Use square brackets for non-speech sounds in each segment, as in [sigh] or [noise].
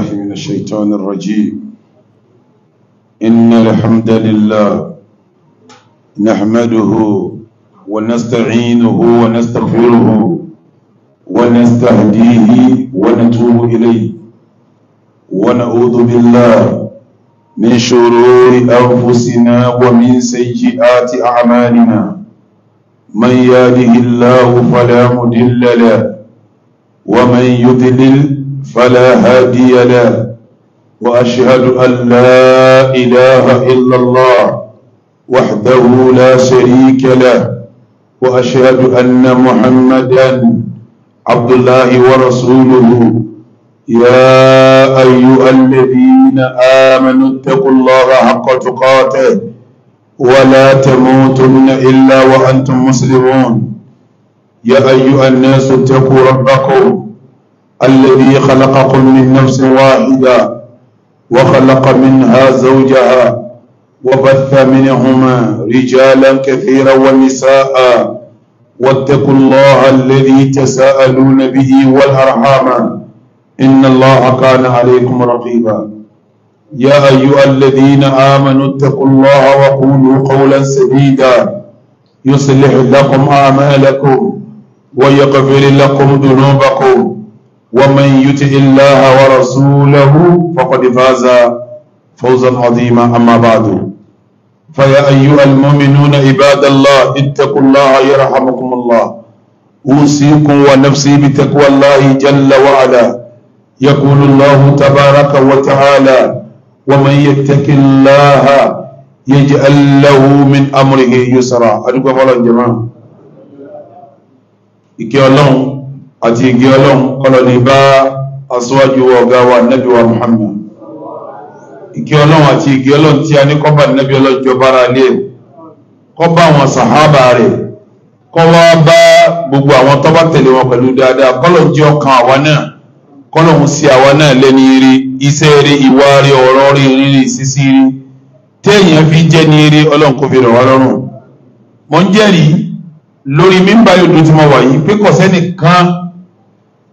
بالله من الشيطان الرجيم إن الحمد لله نحمده ونستعينه ونستغفره ونستهديه ونتوب إليه ونعوذ بالله من شرور أنفسنا ومن سيئات أعمالنا من يهده الله فلا مضل له ومن يضلل فلا هادي له وأشهد أن لا إله إلا الله وحده لا شريك له وأشهد أن محمدا عبد الله ورسوله يا أيها الذين آمنوا اتقوا الله حق تقاته ولا تموتن إلا وأنتم مسلمون يا أيها الناس اتقوا ربكم الذي خلقكم من نفس واحدة وخلق منها زوجها وبث منهما رجالا كثيرا ونساء واتقوا الله الذي تساءلون به والأرحام إن الله كان عليكم رقيبا يا أيها الذين آمنوا اتقوا الله وقولوا قولا سديدا يصلح لكم أعمالكم ويغفر لكم ذنوبكم ومن يطع الله ورسوله فقد فاز فوزا عظيما اما بعد فيا ايها المؤمنون عباد الله اتقوا الله يرحمكم الله اوصيكم ونفسي بتقوى الله جل وعلا يقول الله تبارك وتعالى ومن يتق الله يجعل له من امره يسرا ادعو الله جماعه ike ọlọ́run àti igi ọlọ́run kọlọ̀lì bá aṣíwájú ọ̀gá wa nẹ́bí wa Muhammad igi ọlọ́run àti igi ọlọ́run tí a ní kọ́bà nẹ́bí ọlọ́jọ́ bára lé e, kọ́bà àwọn sàhábà rẹ̀ kọ́wọ́ bá gbogbo àwọn tọ́bà tẹ̀lé wọn pẹ̀lú dáadáa kọ́lọ̀ jẹ́ ọkàn àwa náà kọ́lọ̀ ń sí àwa náà lẹ́ni rí iṣẹ́ rí ìwà rí ọ̀rọ̀ rí rírí sísí rí téèyàn fi jẹ́ ní rí ọlọ́run kò fi rọ̀ wá lọ́rùn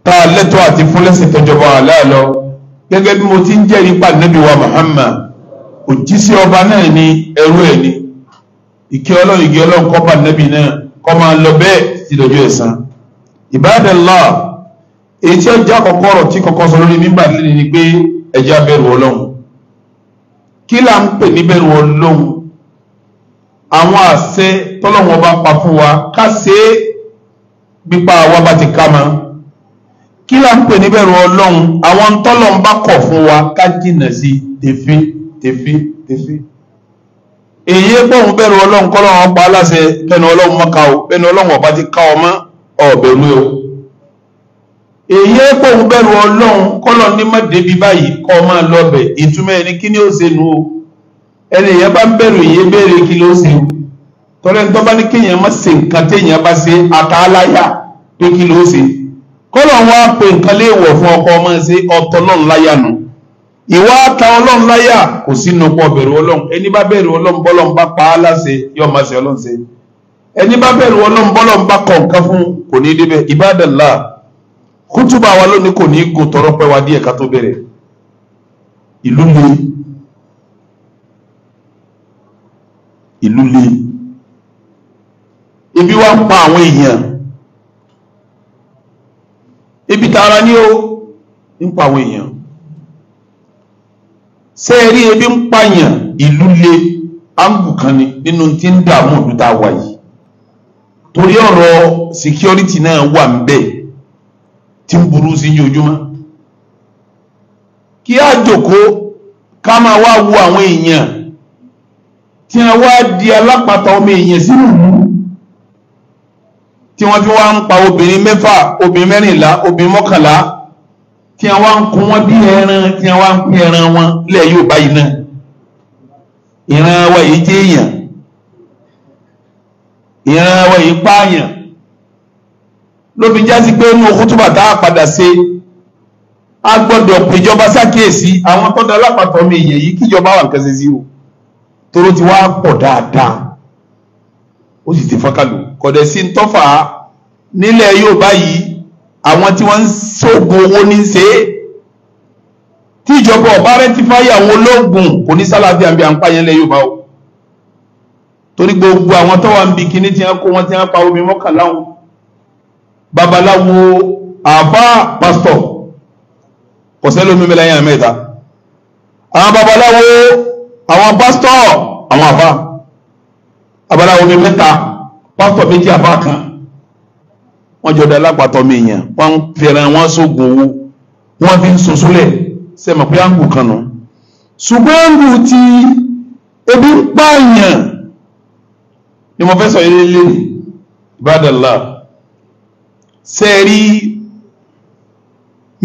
tá a lẹ́tọ́ àti fúnlẹ́sìn tọjọba aláàlọ́ gẹ́gẹ́ bí mo ti ń jẹ́rìí pa Nábì wa Muhammad òjíṣẹ́ ọba náà ni ẹrú ẹ̀ ni ìkẹ́ ọlọ́run ìgẹ́ ọlọ́run kọ́ pa Nábì náà kọ́ máa lọ bẹ́ẹ̀ ti dọjọ́ ẹ̀san Ibadallah èyí tí ọjà kọ̀kọ́ ọ̀rọ̀ tí kọ̀kọ́ sọ lórí nígbà líle ni pé ẹja bẹ̀rù ọlọ́run kí là ń pè ní bẹ̀rù ọlọ́run àwọn àṣẹ tọ́lọ́run ọba pa fún wa ká ṣe é pípa wa bá ti ká máa kí là ń pè níbẹ̀rù ọlọ́run àwọn tọ́lọ̀ bá kọ̀ fún wa ká jìnà sí tèfí tèfí tèfí èyí pọ̀hún bẹ̀rù ọlọ́run kọ́ lọ́wọ́ pa aláṣẹ bẹ́nu ọlọ́run mọ́ka o bẹ́nu ọlọ́run ọba ti ká ọmọ ọ̀bẹ̀rù o èyí pọ̀hún bẹ̀rù ọlọ́run kọ́ lọ́ ní má débi báyìí kọ́ máa lọ́bẹ̀ ìtumọ̀ ẹni kí ni ó ṣe nu o ẹni èyàn bá bẹ̀rù èyí béèrè kí ló ṣe o tọ́lẹ́ni bá ní kéèyàn má ṣe nǹkan téèyàn bá ṣe àtàláyà pé kí ló ṣe o kọ́lọ̀ wá pé nǹkan léèwọ̀ fún ọkọ ọmọ ṣe ọ̀tọ̀ ọlọ́run láyà nù ìwà ta ọlọ́run láyà kò sínú pọ̀ bẹ̀rù ọlọ́run ẹni bá bẹ̀rù ọlọ́run bọ́lọ́run bá pa á láṣẹ yóò máa ṣe ọlọ́run ṣe ẹni bá bẹ̀rù ọlọ́run bọ́lọ́run bá kọ̀ nǹkan fún kò ní débẹ̀ ìbádàlá kútùbà wa lónìí kò ní gùn tọrọ pẹ́ wa díẹ̀ ká tó bẹ̀rẹ̀ ìlú le ìlú le ibi wa ń pa àwọn èèyàn ibi tààrà ní ó ń pa àwọn èèyàn ṣé ẹ rí ebi ń pààyàn ìlú le áńgù kan ni nínú tí ń dààmú ìlú tá a wà yìí torí ọ̀rọ̀ security náà wà ń bẹ̀ tí ń burú sí ní ojúmọ́ kí á jòkó ká máa wá wo àwọn èèyàn tí a wá di alápàtà ọmọ èèyàn sínú ìlú tí wọ́n fi wá ń pa obìnrin mẹ́fà obìnrin mẹ́rìnlá obìnrin mọ́kànlá tí wọ́n ń kún wọn bí ẹran tí wọ́n ń pín ẹran wọn lẹ́ẹ̀ yóò báyìí náà ìran wa yìí jẹ́ èèyàn ìran wa yìí pààyàn ló fi já sí pé inú kútùbà tá a padà ṣe a gbọ́dọ̀ péjọba ṣàkíyèsí àwọn tó dá lápapọ̀ mi èèyàn yìí kíjọba wà nǹkan ṣe sí o toró ti wá pọ̀ dáadáa ó sì ti fọ́nkàlù kọ̀dẹ̀ sí ń tọ́fà nílẹ̀ Yorùbá yìí àwọn tí wọ́n ń ṣoògùn owó ní ṣe é tí ìjọba ọ̀bá rẹ̀ ti fáyé àwọn olóògùn kò ní sálàáfíà bí à ń pààyàn lẹ̀ Yorùbá o torí gbogbo àwọn tó wà ń bi kíní tí wọ́n kó wọn tí wọ́n pa omi mọ́kànlá wọn babaláwo àbá pásítọ̀ kọ̀sẹ́ mẹ́lẹ́yìn àmẹ́ta àwọn babaláwo àwọn pásítọ̀ àwọn àbá abala omi mẹ́ta pásítọ̀ méjì àbá kan wọ́n jọ da lápàtọ́ mi yàn wọ́n ń fẹ́ràn wọ́n sógun owó wọ́n fi ń sosúlẹ̀ sẹ́mọ̀ pé àǹkù kan nù. ṣùgbọ́n àǹkù ti ebi ń pààyàn ni mo fẹ́ sọ yẹn lé ìbádàlá sẹ́ẹ̀rí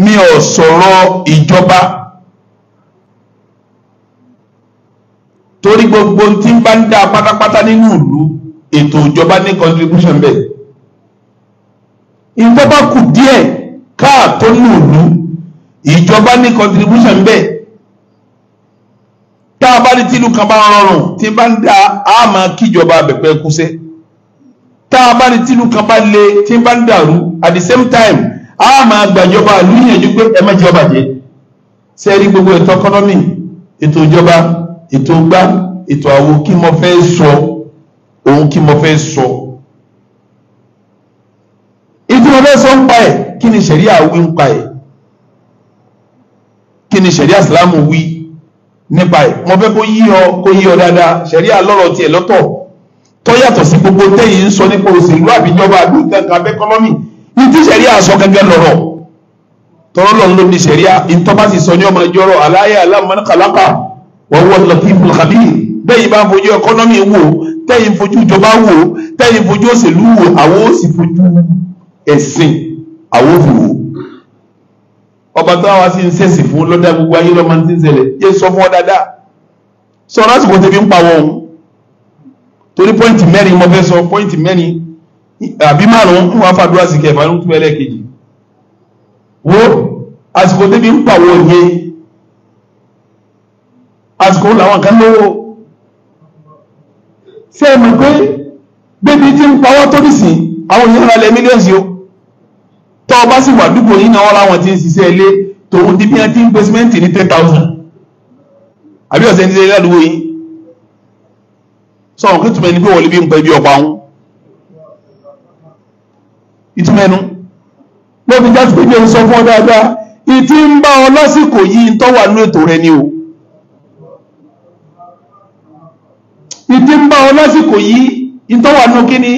mi ò sọ̀rọ̀ ìjọba. torí gbogbo tí ń bá ń dá pátápátá nínú ìlú ètò ìjọba ní contribution bẹ́ẹ̀ ìtọ́ bá kù díẹ̀ káàtó nínú ìlú ìjọba ní contribution bẹ́ẹ̀ tá a bá ní tìlú kan bá rọrùn tí bá ń dá a máa kíjọba abẹ̀pẹ̀ kúṣẹ́ tá a bá ní tìlú kan bá le tí bá ń dàrú at the same time a máa gbàjọba àlùyànjú pé ẹ má jẹ́ ọbàjẹ́ sẹ́ẹ̀rí gbogbo ètò economy ètò ìjọba ètò gbá ètò àwo kí mo fẹ́ sọ òun kí mo fẹ́ sọ ìdí mo fẹ́ sọ ń pa ẹ̀ kí ni ṣẹ̀ríà wí ń pa ẹ̀ kí ni ṣẹ̀ríà ìsìlámù wí nípa ẹ̀ mo fẹ́ kó yí ọ kó yí ọ dáadáa ṣẹ̀ríà lọ́rọ̀ tiẹ̀ lọ́tọ̀ tó yàtọ̀ sí gbogbo téyì ń sọ nípa òṣèlú àbíjọba àbí nǹkan abẹ́kọ́lọ́mì ní tí ṣẹ̀ríà sọ gẹ́gẹ́ lọ́rọ̀ tọ́rọ́ ló ní ṣẹ̀ríà ìtọ́ bá sì sọ ní ọmọ ìjọ́rọ̀ aláyé aláàmọ́nìkàlápà wọ́n wọ́n lọ fíìmù kàbí bẹ́ẹ̀ bá ń fojú ẹkọ́nọ́mì wò tẹ́yìn fojú ìjọba wò tẹ́yìn fojú òṣèlú wò àwọn ò sì fojú ẹ̀sìn àwọn òfin wò ọba tó wá sí ń sẹ̀sì fún lọ́dà gbogbo ayé lọ́mọ tí ń ṣẹlẹ̀ yé sọ fún ọ dáadáa sọ lásìkò tẹ́bí ń pa wọn torí pọ́ìntì mẹ́rin mo fẹ́ sọ pọ́ìntì mẹ́rin àbí márùn-ún wọn fàdúrà sí kẹfà ló ń tún ẹlẹ́ẹ̀kejì wo àsìkò tẹ́bí ń pa wọn yẹn àsìkò làwọn kan lówó ṣé ẹ mọ̀ pé bébí tí ń pawọ́ tó bì sí àwọn èèyàn ra lẹ mílíọ̀nù o tọ́ ọ bá sì wà dúpọ̀ yìí náà láwọn ti ń ṣiṣẹ́ ilé tòun ti bí wọn ti ń gbé símẹ́ǹtì ní ten thousand àbí ọ̀sẹ̀ ní ilé àdúgbò yìí sọ wọn kí tùmọ̀ ẹni pé wọ́n lè bí ń pẹ́ bí ọ̀pá wọn ìtumọ̀ ẹnu ló fi já pé bí o sọ fún ọ dáadáa ìtì ń bá ọ lásìkò yìí ń tọ́wà nínú ètò rẹ ni o. ìdí ń bá ọ lásìkò yìí ìtọ́wà nù kí ni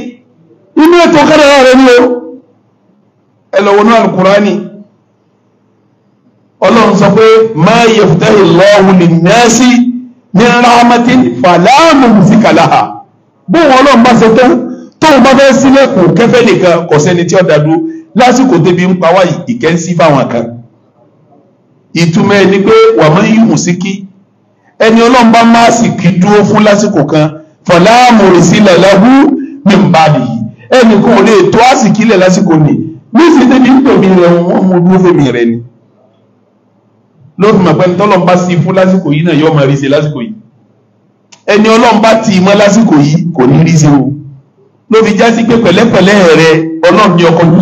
inú ètò kádàrá rẹ ni o ẹlọ́wọ́nú alukurani ọlọ́run sọ pé ma yaftahi Allahu linnasi min rahmatin fala mumsika laha bóun ọlọ́run bá ṣe tán tóun bá fẹ́ sílẹ̀kùn kẹfẹ́ nìkan kò sẹ́ni tí ó dàdú lásìkò débi ń pa wá ìkẹ́ńsí fáwọn kan ìtumọ̀ ẹni pé wa man yumsiki ẹni ọlọ́run bá má sì kí dúró fún lásìkò kan fọláàmù ìsílẹ̀ lẹ́hú ní ìbàdí yìí ẹni kò lè tó àsìkílẹ̀ lásìkò ni bí sì débi ń pèmí rẹ̀ wọ́n mú dúró fèmí rẹ̀ ni ló fi mọ̀ pé ẹni tọ́lọ́run bá sí fún lásìkò yìí náà yọ ọmọ rí ṣe lásìkò yìí ẹni ọlọ́run bá ti mọ́ lásìkò yìí kò ní rí ṣe o ló fi já sí pé pẹ̀lẹ́pẹ̀lẹ́ rẹ ọlọ́run ni ọkọ̀ lù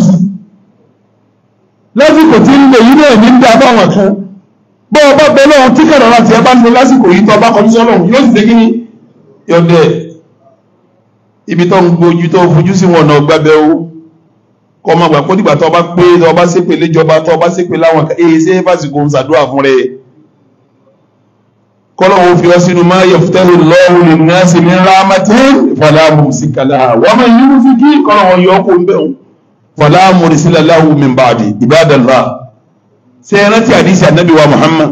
lásìkò tí ń lè yí náà ní ń báwọn kan bó o bá bẹ lọ́hùn tí kẹ̀rọ láti ẹ bá ní lásìkò yìí tó bá kọjú sọ́lọ́hùn yóò sì dé kí ni yọ̀dẹ̀ ibi tó ń gbójú tó fojú sí wọn náà gbábẹ́ o kọ́ máa gbà kó dìgbà tó bá pé tó bá ṣépè léjọba tó bá ṣépè láwọn kan èyí ṣe é fásitì kò ń ṣàdúrà fún rẹ kọ́lọ́hùn fi ọ sínú máa yẹ fútẹ́lì lọ́hùn lè ní àṣì ní rámátì fọláàmù sí kàlà wọ́n máa yí kí kọ́lọ́hùn yọ ọkùnrin bẹ́ẹ̀ fọláàmù sí làláhùn mi bàdì ìbádàlá ṣe rántí àdísì ànábì wa Muhammad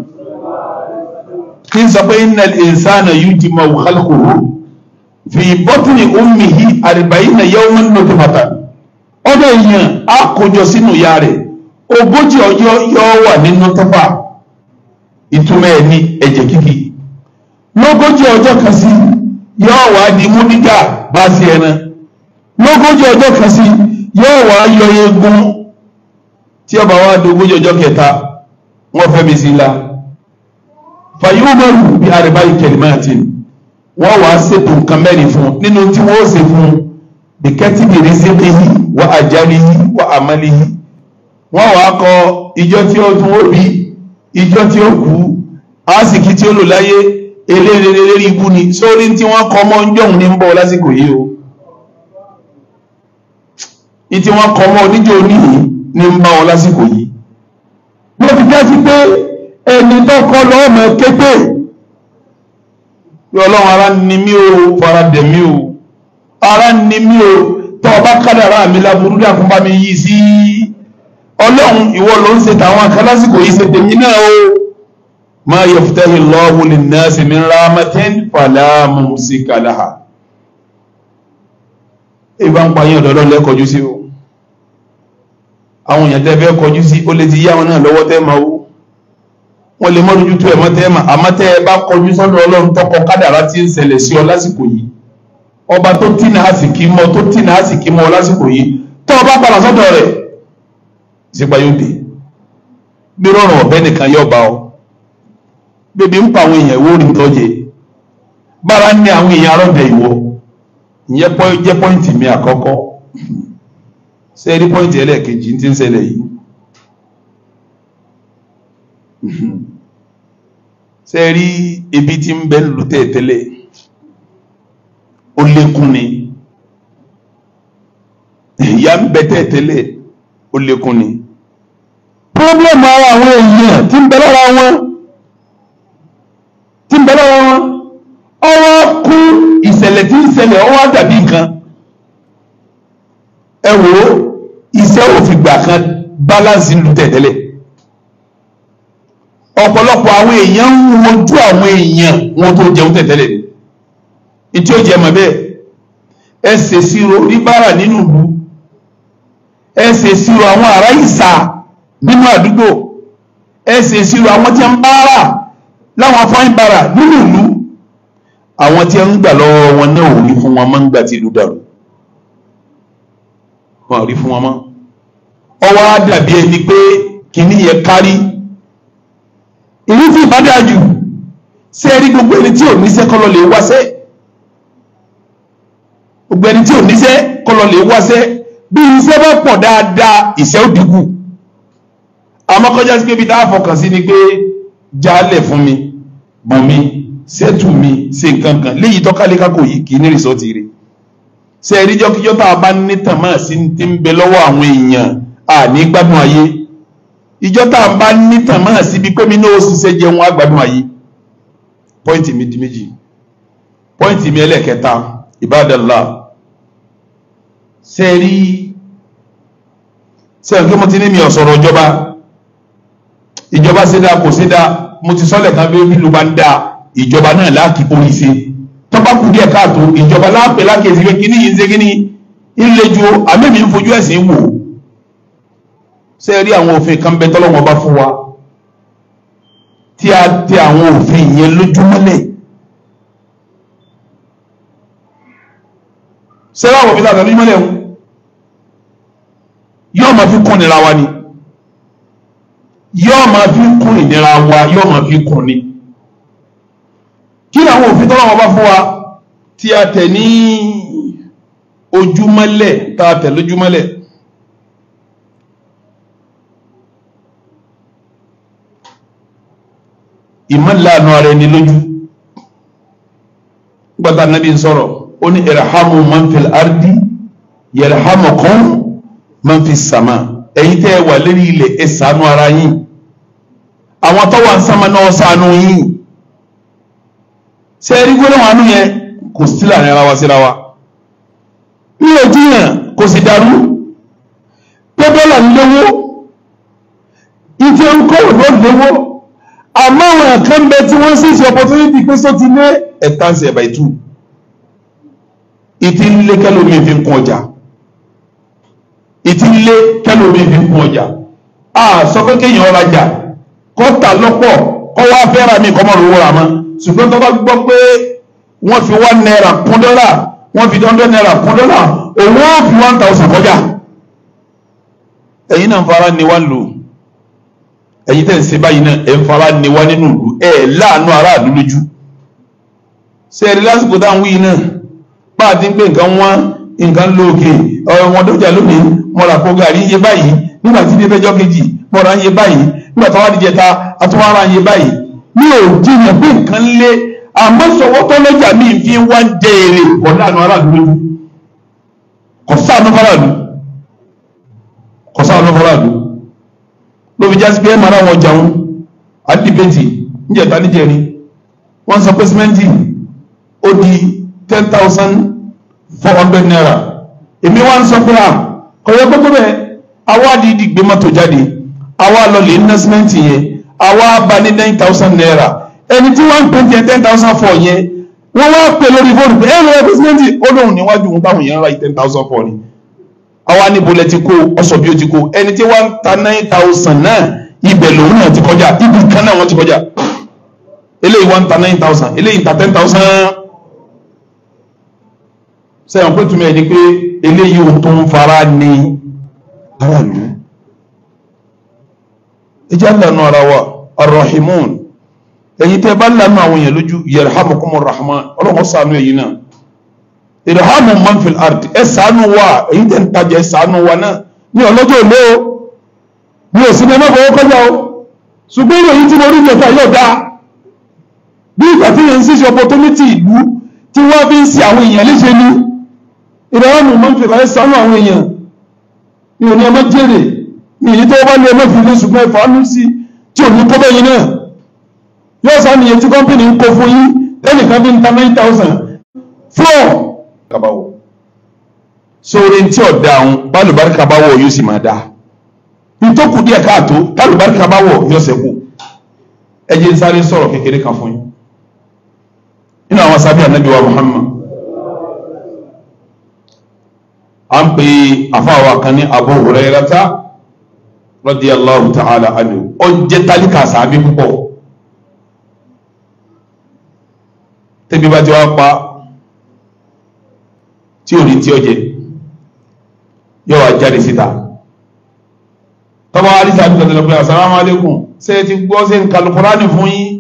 kí n sọ pé innal insana yujma'u khalquhu fi batni ummihi arba'ina yawman nutfatan ọdọ èèyàn á kójọ sínú ìyá rẹ̀ ogójì ọjọ́ yóò wà nínú tọ́fà ìtumọ̀ ẹ̀ ní kíkì lógójì ọjọ́ kan sí yóò wá di múdígà bá sí ẹran lógójì ọjọ́ kan sí yóò wá yọ eegun tí ọba wa dogójì ọjọ́ kẹta wọ́n fẹ́ mi sí la fàyè umaru bí àrèbá ìkẹlìmáàtì wọ́n wàá ṣètò nǹkan mẹ́rin fún nínú tí wọ́n ṣe fún bìkẹ́tì bìrì síbi yìí wà àjálì yìí wà àmàlì yìí wọ́n wàá kọ ìjọ tí ó tún ó bí ìjọ tí ó kú àásìkí tí ó lò láyé eléreléré ibú ni sórí tí wọ́n kọ mọ́ njọ́hun ní ń lásìkò yìí o ní tí kọ mọ́ oníjó oníyìí ní ń bá wọn lásìkò yìí bó ti jẹ́ sí pé ẹni tó kọ́ lọ́wọ́ mọ̀ képe yọ ọlọ́run ara ni mí o fara dẹ̀ mí o ara ni mí o tọ́ ọba kádàrá mi láburú dàkún bá mi yí sí ọlọ́run ìwọ ló ń ṣe tàwọn akálásìkò yìí ṣe tèmi náà o ma yaftahi Allahu linnasi min rahmatin fala mumsika laha ìbá ń pa yín ọ̀dọ́ ọlọ́run lẹ́kọ̀ọ́jú sí o. àwọn èèyàn tẹ́ fẹ́ kọjú sí ó lè ti yá wọn náà lọ́wọ́ tẹ́ máa wú wọn lè mọ́dún tó ẹ̀ mọ́ tẹ́ àmọ́ tẹ́ ẹ bá kọjú sọ́dọ̀ ọlọ́run tọkọ kádàrá ti ń ṣẹlẹ̀ sí ọ lásìkò yìí ọba tó tìǹà àsìkí mọ́ tó tìǹà àsìkí lásìkò yìí tọ́ ọba padà sọ́dọ̀ rẹ̀ yóò dé bí rọrùn ọ̀bẹ nìkan yóò bá ọ ń pa àwọn èèyàn ìwó bára ní àwọn èèyàn ìwọ ìyẹn jẹ́ pọ́ìntì mi àkọ́kọ́ ṣe rí pọ́ìntì ẹlẹ́ẹ̀kejì tí ń ṣẹlẹ̀ yìí ebi tí ń bẹ lù tẹ́ẹ̀tẹ́lẹ̀ ó lékún ni ìyá ń bẹ tẹ́ẹ̀tẹ́lẹ̀ ó lékún ni pírọ́blẹ́mù ara àwọn èèyàn tí ń bẹ lára wọn tí ń bẹ lára wọn ọwọ́ kú ìṣẹ̀lẹ̀ tí ń ṣẹlẹ̀ iṣẹ́ òfìgbà kan balance lu tẹ̀tẹ́lẹ̀ ọ̀pọ̀lọpọ̀ àwọn èèyàn ń wojú àwọn èèyàn wọn tó jẹun tẹ̀tẹ́lẹ̀ ní tí ó jẹ mọ̀ bẹ́ẹ̀ ẹ ṣe sírò oníbàárà nínú ìlú ẹ ṣe sírò àwọn ará ìsà nínú àdúgbò ẹ ṣe àwọn tí ń bára láwọn fáin bára nínú ìlú àwọn tí ń gbà lọ́wọ́ wọn náà ò rí fún wọn máa ń gbà tí ìlú dàrú wọn ò rí fún wọn mọ́ ọwọ́ á dàbí ẹni pé kìíní yẹ kárí ìlú tí ìbádájú ṣé ẹ rí gbogbo ẹni tí ò níṣẹ́ kọ́ lọ lè wáṣẹ́ gbogbo ẹni tí ò níṣẹ́ kọ́ lọ lè wáṣẹ́ bí iṣẹ́ bá pọ̀ dáadáa ìṣẹ́ ò dínkù àmọ́ kọjá sí pé bí táà fọkàn sí ni pé jálẹ̀ fún mi bùn mi sẹ́tù mi ṣe nǹkan kan léyìí tọ́kálẹ́ká kò yìí kì í ní rìsọ́ọ̀tì rẹ̀ ṣe rí jọ́kíjọ́ tá a bá ní tàmá sí ti ń bẹ lọ́wọ́ àwọn èèyàn àní gbádùn ayé ìjọ́ tá a bá ní tàmá sí bí pé mi náà ó ṣiṣẹ́ jẹun àgbádùn ayé pọ́ìntì mi di méjì pọ́ìntì mi ẹlẹ́ẹ̀kẹta ìbádàlá ṣe rí ṣe rí mo ti ní mi ọ̀sọ̀rọ̀ ìjọba ìjọba ṣe dáa kò ṣe dáa mo ti sọ́lẹ̀ kan bí olúwa ń dáa ìjọba náà láàkì orí ṣe tọ́pá kù díẹ̀ káàtó ìjọba láàpẹ̀ lákèsí pé kíní yìí ń ṣe kíní ń le ju àmẹ́mí ń fojú ẹ̀sìn wò ṣe rí àwọn òfin kan bẹ tọ́lọ́wọ́n bá fún wa tí a tẹ àwọn òfin yẹn lójúmọ́lẹ̀ ṣe láwọn òfin láti lójúmọ́lẹ̀ ń yóò máa fi kún nira wa ni yóò máa fi kún ìnira wa yóò máa fi kún ni kí ni àwọn òfin tọ́lọ́wọ́ bá fún wa tí a tẹ̀ ní ojúmọ́lẹ̀ tá a tẹ̀ lójúmọ́lẹ̀ ìmọ̀láàánú ara ẹni lójú gbọ́dọ̀ anábì ń sọ̀rọ̀ ó ní irhamu man fil ardi yarhamukum man fis sama tẹ́ ẹ wà lórí ilẹ̀ ẹ̀ ṣàánú ara yín àwọn tó wà ń sámánà yín ṣe rí gbólóhùn àánú yẹn kò sí láàrin ara wa síra wa ní ojú yẹn kò sì dàrú pé dọ́là ń lówó ìfẹ́ ń kọ́ òdò lówó àmọ́ àwọn ẹ̀kan bẹ tí wọ́n sì ṣe opportunity pé sọ ti lé ẹ̀ta ṣe ẹ̀bà ìtú ìtì ń lé kẹlòmí fi ń kún ọjà ìtì ń lé kẹlòmí fi ń kún ọjà a sọ pé kéèyàn ọrajà kọ́ta lọ́pọ̀ kọ́ wá fẹ́ mi kọ́ mọ́ lówó ra mọ́ ṣùgbọ́n tó bá gbọ́ pé wọ́n fi one naira kún dọ́là wọ́n fi hundred naira kún dọ́là owó fi one thousand kọjá ẹ̀yin náà fara ni wá lò ẹ̀yin tẹ̀ ń ṣe báyìí náà ẹ̀ ń fara ni wá nínú ìlú ẹ̀ láàánú aráàlú lójú ṣe ẹ̀rí lásìkò táwọn wí náà páàdì ń gbé nǹkan wọn nǹkan lóòkè ọ̀rọ̀ wọn dọ́jà lónìí mọ̀ra kó gàrí iye báyìí nígbà tí ilé fẹjọ́ kejì mọ̀ra iye báyìí nígbà táwọn adìjẹta àtúwárà iye báyìí mi ò jiyàn pé nǹkan lé àmọ́ sọ̀wọ́ tó lọ́jà mi fi wá ń jẹ èrè kọ̀ láàánú aráàlú lójú kọ̀ sáànú faraàlú kọ̀ sáànú ló fi jásí pé máa ráwọn ọjà wọn àdìbẹ́tì níjẹ̀ta níjẹ̀rin wọ́n sọ pé ó ten thousand four hundred naira èmi wá ń sọ pé bẹ́ẹ̀ di mọ́tò àwa bá ní nine thousand naira ẹni tí wọ́n ń pè ní ten thousand four yẹn wọ́n wá pè lórí fóònù pé ẹ̀rọ rẹ́pẹ́sídẹ́ntì ó lóun níwájú òun báwọn yẹn ń ra ten thousand four ni àwa níbo lẹ ti kó ọsọ bí ó ti kó ẹni tí wọ́n ta nine thousand náà ibẹ̀ lòun náà ti kọjá ibi kan náà wọ́n ti kọjá eléyìí wọ́n ta nine thousand eléyìí ń ta ten thousand sẹ́yìn pé túmọ̀ ẹ̀ ni pé eléyìí ò tó ń fara ní aráàlú ẹjẹ́ lànà ara wa arrahimun ẹ̀yin tẹ́ bá lànà àwọn èèyàn lójú yarhamukumur rahman ọlọ́run ṣàánú ẹ̀yin náà irhamu man fil ard ẹ ṣàánú wa ẹ̀yin tẹ́ ń tajà ẹ ṣàánú wa náà ní ọlọ́jọ́ òlé o mi ò sí ní ẹgbẹ́ owó kọjá o ṣùgbọ́n ìròyìn tí mo rí ìjọba yóò dáa bí ìgbà tí yẹn ń ṣíṣe opportunity ìlú tí wọ́n fi ń ṣe àwọn èèyàn léṣe ni irhamu man fil ard ẹ ṣàánú àwọn èèyàn mi ọmọ jèrè èyí tó bá ní ẹlẹ́fún ní ṣùgbọ́n ìfàánú sí tí ò ní tó bẹ́yìn náà yóò sá ní ètí kọ́mpìnì ń kó fún yí lẹ́nìkan bí n ta nine thousand four. kabawo sóore tí ọ̀ da òun bálùbáríkà bá wọ̀ yóò sì máa da ìtòkù díẹ̀ káàtó bálùbáríkà bá wọ̀ yóò sẹ́kù ẹ jẹ́ sáré sọ̀rọ̀ kékeré kan fún yín nínú àwọn sábẹ́ wa Muhammad à ń pè kan ní Abu radiyallahu ta'ala anhu ó jẹ́ tálíkà sàábí púpọ̀ tẹ́bí bá ti wá pa tí ò ní tí ó jẹ yóò wá jáde síta tọ́ba alisa àbíkàtàlẹ̀ pé assalamu alaikum ṣe ti gbọ́ ṣe ń kalukurani fún yín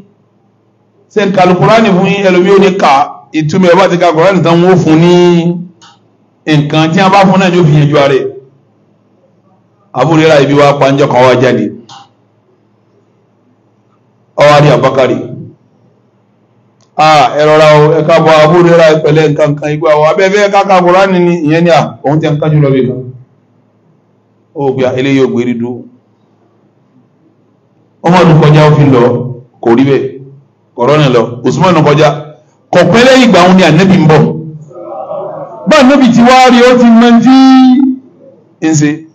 ṣe ń kalukurani fún yín ẹlòmí ò ní ka ìtumọ̀ ẹ̀ bá ti ka kurani tán wọ́n fún ní nǹkan tí wọ́n bá fún náà yóò fi yẹn ju ara rẹ̀. abúrírà ibi wá panjọ́ kan wá jáde ọwá ní àbákàrí ah ẹ̀rọra o ẹ̀ka bọ abúrírà ìpẹ̀lẹ̀ nǹkan kan igbá o abẹ́fẹ́ káka bọ̀rá ní ní ìyẹn ní à òun ti ń kájú lọ bí kan ó gbé eléyìí rí dúró ọmọ ọdún kọjá ó fi lọ kò rí bẹ́ẹ̀ lọ Usman ọdún kọjá ìgbà òun ni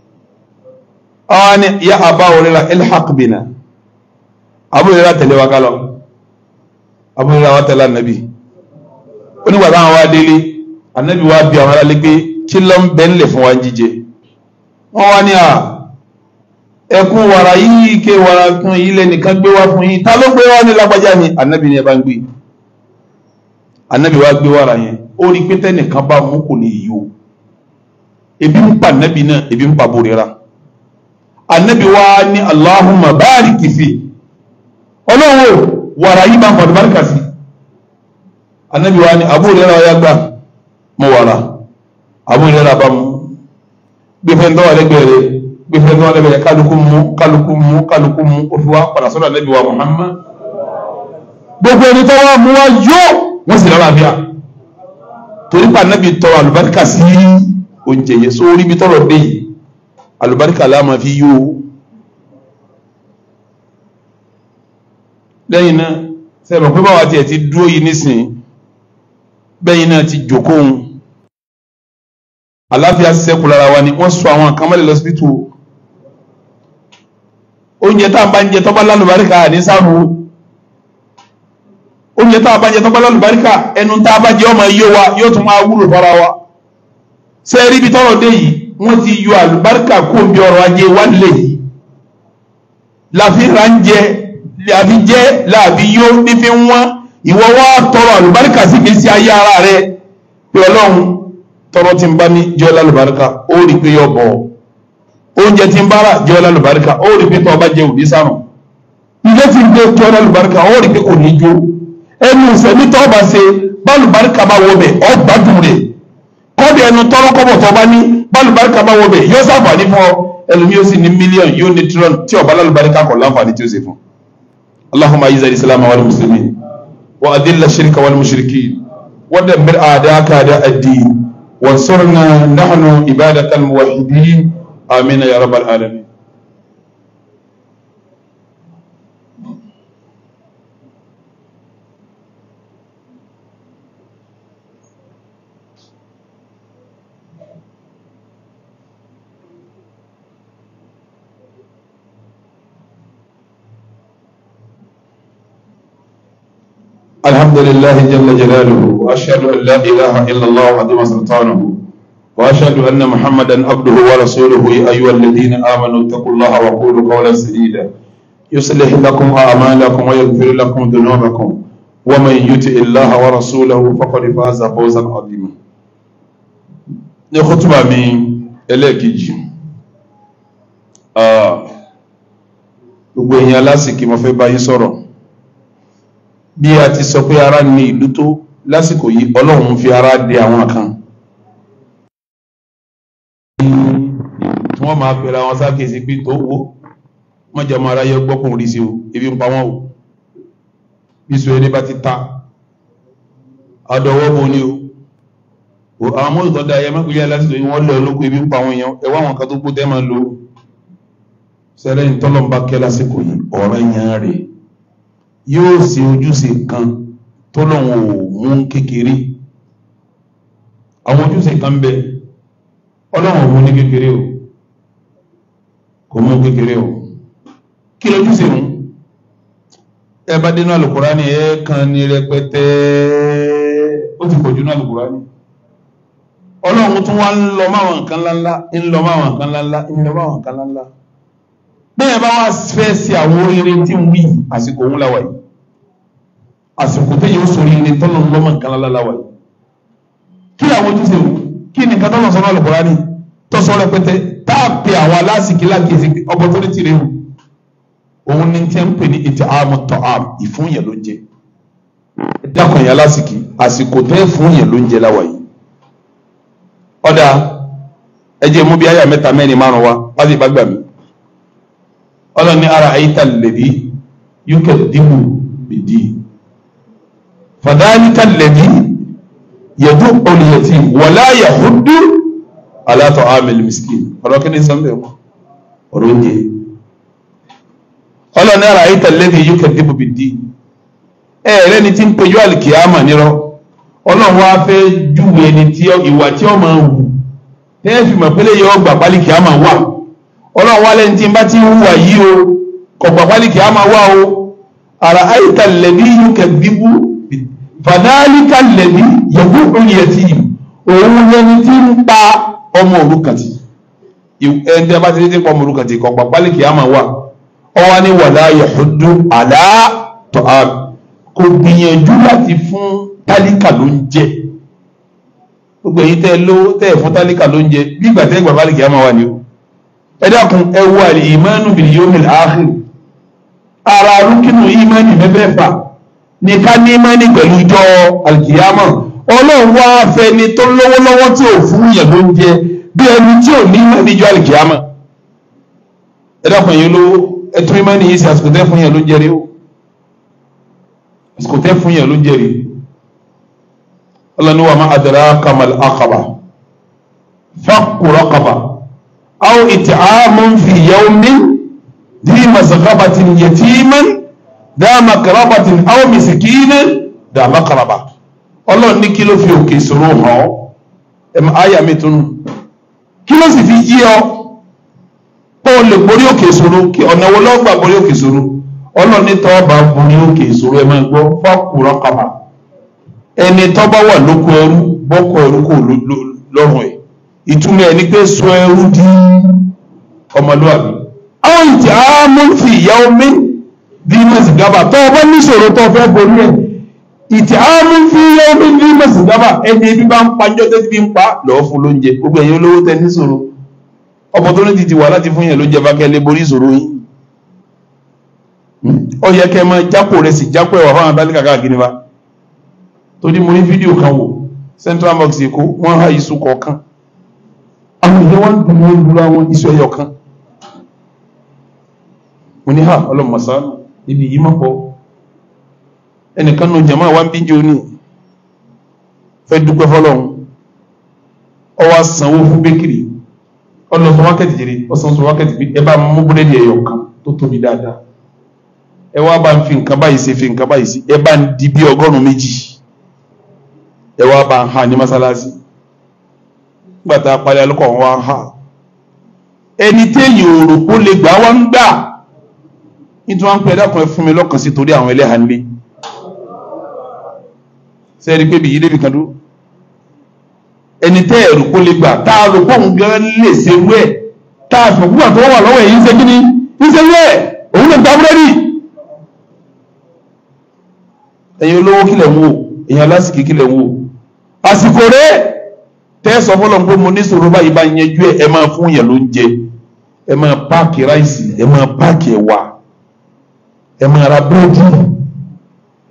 ọwọ́ ni ya Abu Hurairah ilhaq bina Abu Hurairah tẹ̀lé wa kálọ̀ Abu Hurairah wa tẹ̀lé ànábì ó nígbà táwọn wá délé ànábì wá bí àwọn aráalé pé kí ló ń bẹ́ ńlẹ̀ fún wa jíjẹ wọ́n wá ní à ẹkún wàrà yìí ike wàrà kun yìí lẹ́nìkan gbé wá fún yín ta ló gbé wá ní lágbájá ni ànábì ni ẹ bá ń gbé ànábì wá gbé wàrà yẹn ó rí pété nìkan bá mú kò lè yí o ebi ń pa ànábì náà ebi ń pa bòrera anabi wa ni Allahumma bariki fi ọlọ́wọ́ wàrà yìí bá ń fọdù báríkà sí wa ni Abu Hurairah ọ̀yá gbà mọ wàrà Abu Hurairah bá mu gbẹfẹ ńdọ́wà lẹ́gbẹ̀rẹ̀ gbẹfẹ ńdọ́wà lẹ́gbẹ̀rẹ̀ kálukú mu kálukú mu kálukú mu òfin wa padà sọ́dọ̀ anabi wa Muhammad gbogbo ẹni tó wà mú wa yó wọ́n sì lára bíà torí pa anabi tọrọ àlùbáríkà sí oúnjẹ yẹn sórí bí tọrọ dé yìí Alubarika la máa fi yí o lẹ́yìn náà sẹ́bọ̀ pé báwa tiẹ̀ ti dúró yìí nísìn bẹ́yìn náà ti jòkóhun àláfíà ṣẹ́kù lára wa ni wọ́n sọ àwọn àkàmọ́lẹ̀ lọ́sípítù oúnjẹ tá a bá ń jẹ tọ́gbà lálùbáríkà ní sáàbù oúnjẹ tá a bá ń jẹ tọ́gbà lálùbáríkà ẹnu tá a bá jẹ ọmọ yíyó wa yóò tún máa wúlò fara wa sẹ́ẹ̀rí ibi tọ́rọ̀ dé yìí wọ́n ti yọ àlùbáríkà kó bí ọrọ̀ ajé wá lè yìí láfi ránjẹ láfi jẹ́ láàbí yó nífi wọ́n ìwọ wá tọrọ àlùbáríkà sí kìí sí ayé ara rẹ pé ọlọ́run tọrọ ti ń bá ní jọ lálùbáríkà ó rí pé yọ bọ̀ oúnjẹ ti ń bára jọ lálùbáríkà ó rí pé tọba jẹ òbí sárùn ilé ti ń gbé jọ lálùbáríkà ó rí pé kò ní jó ẹnu ìsẹ̀mí tọ́ba ṣe bálùbáríkà bá wọ bẹ̀ ọ́ gbádùn rẹ̀ ẹnu tọ́rọ́kọ́bọ̀ tọ́ba ní bálùbáríkà bá wọ bẹ̀ yóò ṣàǹfààní fún ọ ẹlòmíì ó sì ní mílíọ̀n yóò ní tírílọ̀nù tí ọ̀bá lálùbáríkà kọ̀ láǹfààní tí ó ṣe fún. allahumma ayi zari salama wal muslimin wa adilla shirka wal mushrikin wa dabbir a'daka a'da ad-din wansurna nahnu ibadakal muwahhidin amina ya alamin لله جل جلاله وأشهد أن لا إله إلا الله عظيم سلطانه وأشهد أن محمدا عبده ورسوله يا أيها الذين آمنوا اتقوا الله وقولوا قولا سديدا يصلح لكم أعمالكم ويغفر لكم ذنوبكم ومن يطع الله ورسوله فقد فاز فوزا عظيما ní من إليك ẹlẹ́ẹ̀kejì gbogbo èèyàn lásìkò mo fẹ́ bá sọ̀rọ̀ bí a ti sọ pé ara ní ìlú tó lásìkò yìí ọlọ́run fi ara de àwọn kan tí wọ́n máa pèrè àwọn sákèsí pé tó wo wọ́n jẹ́ ọmọ aráyé gbọ́kùn sí o ebi ń pa wọ́n o bí sọ bá ti ta adọwọ́ mọ́ ni o àwọn mọ́ ìtọ́ da ẹ̀yẹ́ mẹ́kúlẹ́ lásìkò yìí wọ́n lọ lóko ebi ń pa àwọn èèyàn ẹ̀wọ́ àwọn kan tó kú tẹ́ máa lo sẹ́rẹ́ ìtọ́lọ́mbà kẹ́ lásìkò yìí ọ̀rọ̀ yẹn rèé yóò ṣe ojúṣe kan tó lọ́wọ́ mú kékeré àwọn ojúṣe kan bẹ ọlọ́wọ́ mú ní kékeré o kò mú kékeré o kí lójúṣe mú ẹ bá dénú alùkùránì ẹ kan ní rẹpẹtẹ ó ti pọ̀jú náà alùkùránì ọlọ́run tún wá ń lọ máwọn nǹkan ńláńlá ń máwọn nǹkan ńláńlá ń máwọn nǹkan ńláńlá bẹ́ẹ̀ bá wá fẹ́ sí àwọn oríire tí ń wí àsìkò òun láwàá yìí àsìkò tẹ́yẹ ó sọ̀rọ̀ ilé tọ́lọ̀ ń lọ́mọ nǹkan lálá láwàá yìí kí àwọn ojúṣe wò kí ni nǹkan tọ́lọ̀ sọ́nà àlùkò rání tọ́sọ̀ rẹpẹtẹ tá a pè àwọn aláṣìkí lákèsí opportunity rẹ o òun ni tí ń pè ní ètò àmọ́ tọ́ àmọ́ ìfún yẹn ló ń jẹ dákun yẹn aláṣìkí àsìkò tẹ́ fún yẹn ló ń jẹ láwàá yìí ọ̀dà ọlọ́ni ara àyíta lèdí yókè dìbò bìdí fàdáníta lèdí yẹ̀dú olùyẹ̀tì wọlá yahudu alátọ̀ amil miskin ọ̀rọ̀ kí ni sọ́mbẹ̀ wọn ọ̀rọ̀ oúnjẹ ọlọ́ni ara àyíta lèdí yókè dìbò bìdí ẹ̀ẹ́rẹ́ ni tí ń pejọ́ àlìkìyàmà nírọ́ ọlọ́run wá fẹ́ júwe ni ìwà tí ó máa wù tẹ́ẹ̀fì mọ̀ yọ ọgbà pálíkìyàmà wà ọlọ́run wá lẹ́ni tí n bá ti ń wà yìí o kọ̀gbà pálíkì á máa wá o ara àìta lẹ́bí yìí kẹ̀bíbú fàdálíkà lẹ́bí yẹ̀bú òyìnbó òun lẹ́ni tí ń pa ọmọ òrukàtì ẹni tí a bá ti dé pa ọmọ òrukàtì kọ̀gbà pálíkì á máa wà ọwọ́ ni wàlá yẹ̀húdú àlá tọ́ a kò gbìyànjú láti fún tálíkà ló ń jẹ gbogbo èyí tẹ́ ló tẹ́ fún tálíkà ló ń jẹ bí ìgbà tẹ́ gbà pálíkì á máa wà ni o ẹ dákun ẹ wo al-imanu bil yawmil akhir ara rúkínù ìmánì mẹ́fẹ̀ẹ̀fà ní ká ní ìmánì pẹ̀lú ìjọ al-qiyamah ọlọ́run wá fẹni tó lówó lọ́wọ́ tí ò fún yẹ̀ ló ń jẹ bí ẹni tí ò ní ìmánì ìjọ al-qiyamah ẹ dákun yẹn ìmánì yìí sí àsìkò tẹ́ fún yẹ̀ ló ń jẹrìí o àsìkò tẹ́ fún yẹ̀ ló ń jẹrìí ọlọ́run wà má adraka mal aqaba fakku raqaba. أو إطعام في يوم ذي مسغبة يتيما ذا مقربة أو مسكينا ذا مقربة ọlọ́run ní kí ló fi òkè ìṣòro hàn ọ́ àyà mi tún kí ló sì fi yí ọ pé o lè borí òkè ìṣòro ọ̀nà wo lọ́gbà borí òkè ìṣòro ọlọ́run ní tọ́wọ́ oke ìtumọ̀ ni pé sọ ẹrú di ọmọlúwàbí àwọn ìtì àmúfi ìyàwó mi di mẹsìgábà tó ọbọ níṣòro tó fẹ́ borí ẹ̀ ìtì àmúfi ìyàwó mi di mẹsìgábà ẹni ibi bá ń pa níjọ́ tẹ́tí bí ń pa lọ́ọ́ fún lóúnjẹ gbogbo ẹ̀yin olówó tẹ níṣòro ọmọ tó ní ti ti wà láti fún yẹn lóúnjẹ bá kẹ́ lè borí ìṣòro yín hmm. ó yẹ kẹ́ máa jápò rẹ̀ sì jápò ẹ̀wà fáwọn abálẹ́ kàkà àgìnìfà torí mo ní fídíò kan wò Central Mosque Èkó wọ́n há iṣu kọ̀ọ̀kan àwọn ìdí wọn dùn wọn lura wọn iṣu ẹyọ kan mo ní ha ọlọmọsá ibi yìí má pọ ẹnìkan nù jama wa ń bí jẹ òní fẹ dúpẹ́ fọ́lọ́run ọwọ sanwó fún bẹkìrì ọlọ sọ wákẹtì jèrè ọsàn sọ wákẹtì bí ẹ bá mú búrẹ́dì ẹyọ kan tó tóbi ha ní mọ́sálásí gbàtà parí alukọ̀ wọn wá ń hà ẹni téèyàn òrò kó lè gbà wọ́n ń gbà nítorí wọn ń pè é dákun ẹ fún mi lọ́kàn sí torí àwọn ẹlẹ́hàn lé sẹ́ẹ̀rí pé bìyí débi kan dúró ẹni tẹ́ ẹ̀rù kó lè gbà tá a rò pé òun lè ṣerú ẹ̀ tá a fẹ́ púpà tó wà lọ́wọ́ èyí ṣe kí ni ń ṣerú ẹ̀ òun lè gba búrẹ́dì. ẹ̀yin olówó kílẹ̀ ń wò èèyàn lásìkò kílẹ̀ ń wò àsìkò rẹ̀ tẹ́sán fọlọ́n pé mo ní sọ̀rọ̀ báyìí bá yanjú ẹ̀ ẹ máa fún yẹn ló ń jẹ ẹ máa páàkì ráìsì ẹ máa páàkì ẹ̀wà ẹ máa ra búrẹ́dì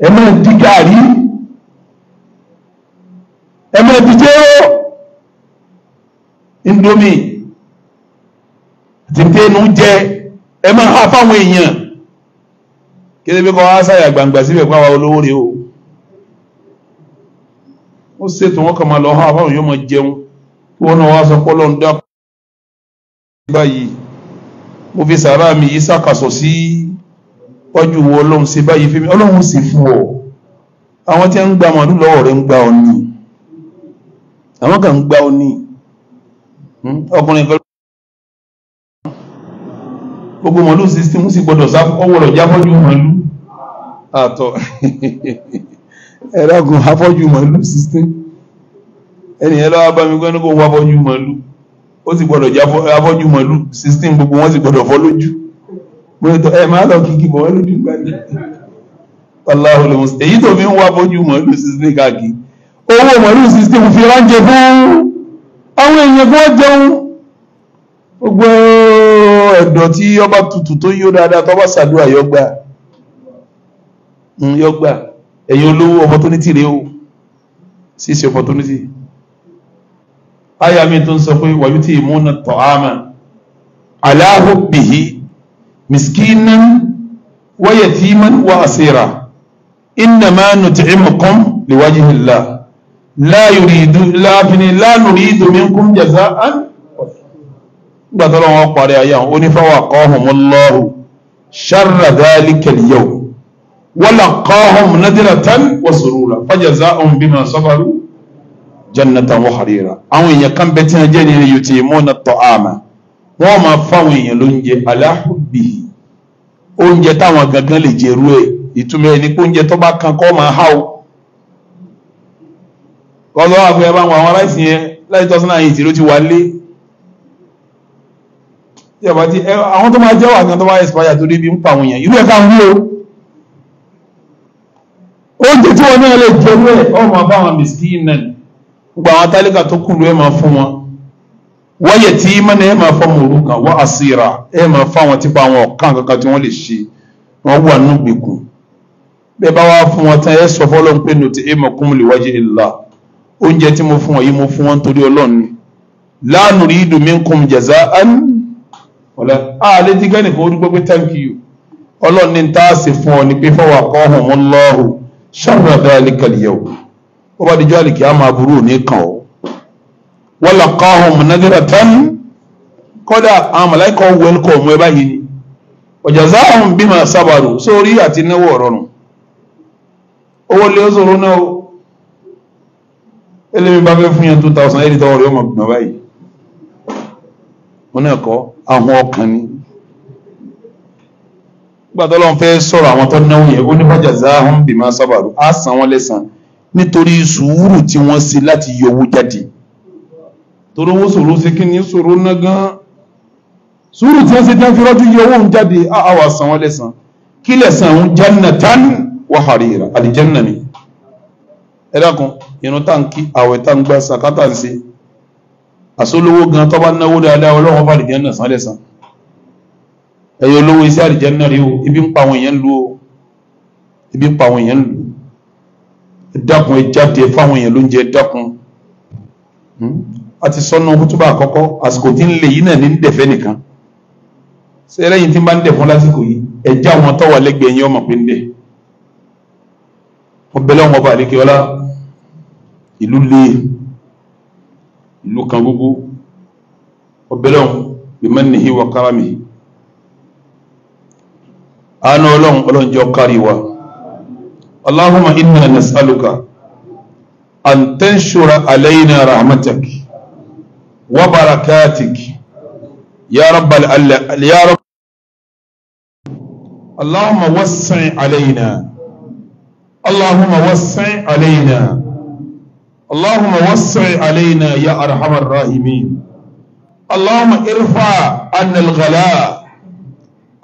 ẹ máa di gàrí ẹ máa di jẹ́rọ indomi tìǹtẹ́nu jẹ ẹ máa ha fáwọn èèyàn kí ló dé kọ́ wá sáyà gbangba síbẹ̀ fún àwa olówó rèé o wọ́n ṣètò wọn kàn máa lọ ha fáwọn yóò máa jẹun kí wọ́n náà wá sọ pọ́lọ́ ń dákú. báyìí mo fi sàárà mi yìí ṣàkàsọ̀ sí wájú wo ọlọ́run ṣe báyìí fún mi ọlọ́run sì fún ọ àwọn tí ń gba màálù lọ́wọ́ rẹ̀ ń gba ọ ní àwọn kan ń gba ọ ní hmm? ọkùnrin kan gbogbo màálù sísítẹ́mù sì gbọdọ̀ ọwọ́ rẹ̀ jábọ́ ju màálù àtọ̀. [laughs] ẹ̀rọ̀gùn afọ́jú màálù sixteen ẹni ẹ lọ́wọ́ bá mi gbọ́ ní kó wọ́n afọ́jú màálù ó sì gbọ́dọ̀ jẹ́ afọ́jú màálù sixteen gbogbo wọn sì gbọ́dọ̀ fọ́ lójú ẹ máa lọ kìkì bọ̀ wọ́n lójú gbàdé aláhùn lè mọ̀ sí èyí tó fi ń wá afọ́jú màálù sixteen káàkiri owó màálù sixteen fi ránjẹ fún àwọn èèyàn fún ọjọ́un gbogbo ẹ̀dọ̀ tí ọba tutù tó yó dáadáa tó bá ṣàdúrà yọgbà hmm, yọgbà ẹ̀yin olówó opportunity rẹ o ṣíṣe opportunity aya mi tó ń sọ pé wàyú tí ìmú na tọ̀ ámà ala hubbihi miskinan wa yatiman wa asira innama nut'imukum liwajhillah la yuridu láàbìnrin la nuridu minkum jaza'an gbàtọ́lọ́wọ́ parí ayé àwọn onífàwà qahumullahu sharra dhalikal yawm ولقاهم وسرورا بما صبروا جنة وحريرا kan bẹ tí wọn jẹ ní ẹni yutimuna ta'ama wọn máa fáwọn èèyàn lóúnjẹ ala hubbi oúnjẹ táwọn ama. lè jẹrú ẹ ìtumọ̀ ẹni pé o kọ́ńtà wà fún ẹ báwọn àwọn aláìsí yẹn láì tọ́sán oúnjẹ tí wọ́n náà lè jẹrú ẹ̀ ọmọ bá wọn mìsíkìnnà gbogbo àwọn tálíkà tó kù ló ẹ̀ máa fún wọn wọ́yẹ̀ tí mọ́nà ẹ̀ máa fọ́mọ òrukàn wọ́n àṣírà ẹ̀ máa fáwọn tipa àwọn ọ̀kan kankan tí wọ́n lè ṣe wọ́n wà nù gbèkùn bẹ́ẹ̀ bá wá fún wọn tán ẹ̀ sọ fọ́lọ́n pé nù tí máa kún lè wájú ìlà oúnjẹ tí mo fún wọn yìí mo fún wọn torí ọlọ́run la nuridu minkum jaza'an wala àlè tí gánìkan ó dúpẹ́ thank you ọlọ́run ní ta ṣe fún ọ ṣọ́nà dáríkàlì yẹ̀wò ó bá dijọ́ àlìkí àmà burú ní kàn ó wọ́n là kọ́ ọ̀hún mọ̀nàdínà tán kọ́dà àti owó lé oṣooṣo náà elémi bá fẹ́ fún yẹn two thousand eight báyìí wọn náà àwọn ọkàn ni gbàtọ́ lọ́n fẹ́ sọ̀rọ̀ àwọn tó náwó yẹn ó ní bá jazahum bima sabaru á san wọ́n lẹ́san nítorí sùúrù tí wọ́n ṣe láti yọ owó jáde torí owó sòro ṣe kí ni sòro ná gan sùúrù tí wọ́n ṣe tán fi rọ́jú yọ owó jáde á wà san wọ́n lẹ́san kí lẹ́san ń jannatan wa harira àlìjánná ni ẹ dákun irun tá ń kí àwẹ̀ tá ń gbà sàkátà ń ṣe àsólówó gan tó bá náwó dáadáa ọlọ́wọ́ bá àlìjánná san lẹ́san ẹ̀yọ́ olówó iṣẹ́ àlìjẹ́nà rí o ibi ń pa àwọn èèyàn lu o ibi ń pa àwọn èèyàn lu dákun ìjáde fáwọn èèyàn lóúnjẹ dákun àti hmm? sọnù kútùbà àkọ́kọ́ àsìkò tí ń lè yìí náà ní ń dẹ̀fẹ́ nìkan sẹ́lẹ̀yìn tí ń bá ń dẹ̀ fún lásìkò yìí ẹ̀já àwọn tọ́wà lẹ́gbẹ̀ẹ́ yín ọmọ pé ń dẹ̀ ọbẹ̀lẹ̀ ọmọ ọba àdékẹ́ọ́lá ìlú lé ìlú kan gbogbo ọbẹ̀lẹ̀ ọmọ bímọ nìyí wà káràmì àánú ọlọ́run ọlọ́run jọ kárí wa allahumma inna nas'aluka an tanshura alayna rahmatak wa barakatik ya rabbal alamin ya rabbal allahumma wasi' alayna allahumma wasi' alayna اللهم وسع علينا يا ارحم الراحمين اللهم ارفع عنا الغلاء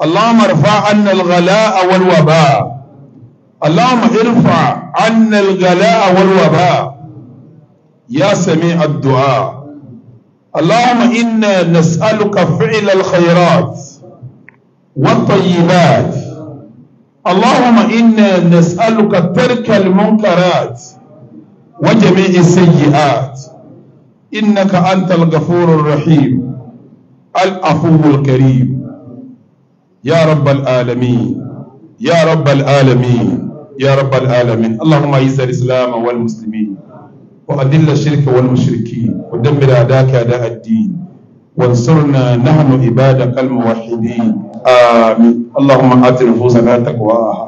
اللهم ارفع عنا الغلاء والوباء اللهم ارفع عنا الغلاء والوباء يا سميع الدعاء اللهم إنا نسألك فعل الخيرات والطيبات اللهم إنا نسألك ترك المنكرات وجميع السيئات إنك أنت الغفور الرحيم العفو الكريم يا رب العالمين يا رب العالمين يا رب العالمين اللهم اعز الاسلام والمسلمين واذل الشرك والمشركين ودمر اعداءك اعداء الدين وانصرنا نحن عبادك الموحدين امين اللهم ات نفوسنا تقواها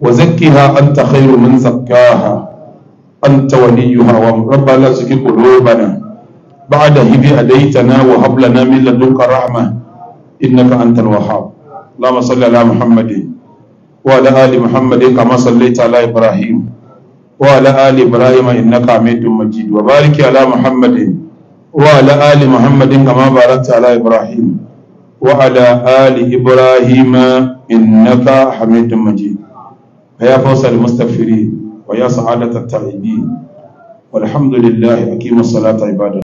وزكها انت خير من زكاها انت وليها ربنا لا تزكي قلوبنا بعد هدي هديتنا وهب لنا من لدنك رحمه انك انت الوهاب اللهم صل على محمد وعلى ال محمد كما صليت على ابراهيم وعلى ال ابراهيم انك حميد مجيد وبارك على محمد وعلى ال محمد كما باركت على ابراهيم وعلى ال ابراهيم انك حميد مجيد يا فوز المستغفرين ويا سعاده التائبين والحمد لله اقيم الصلاه عباده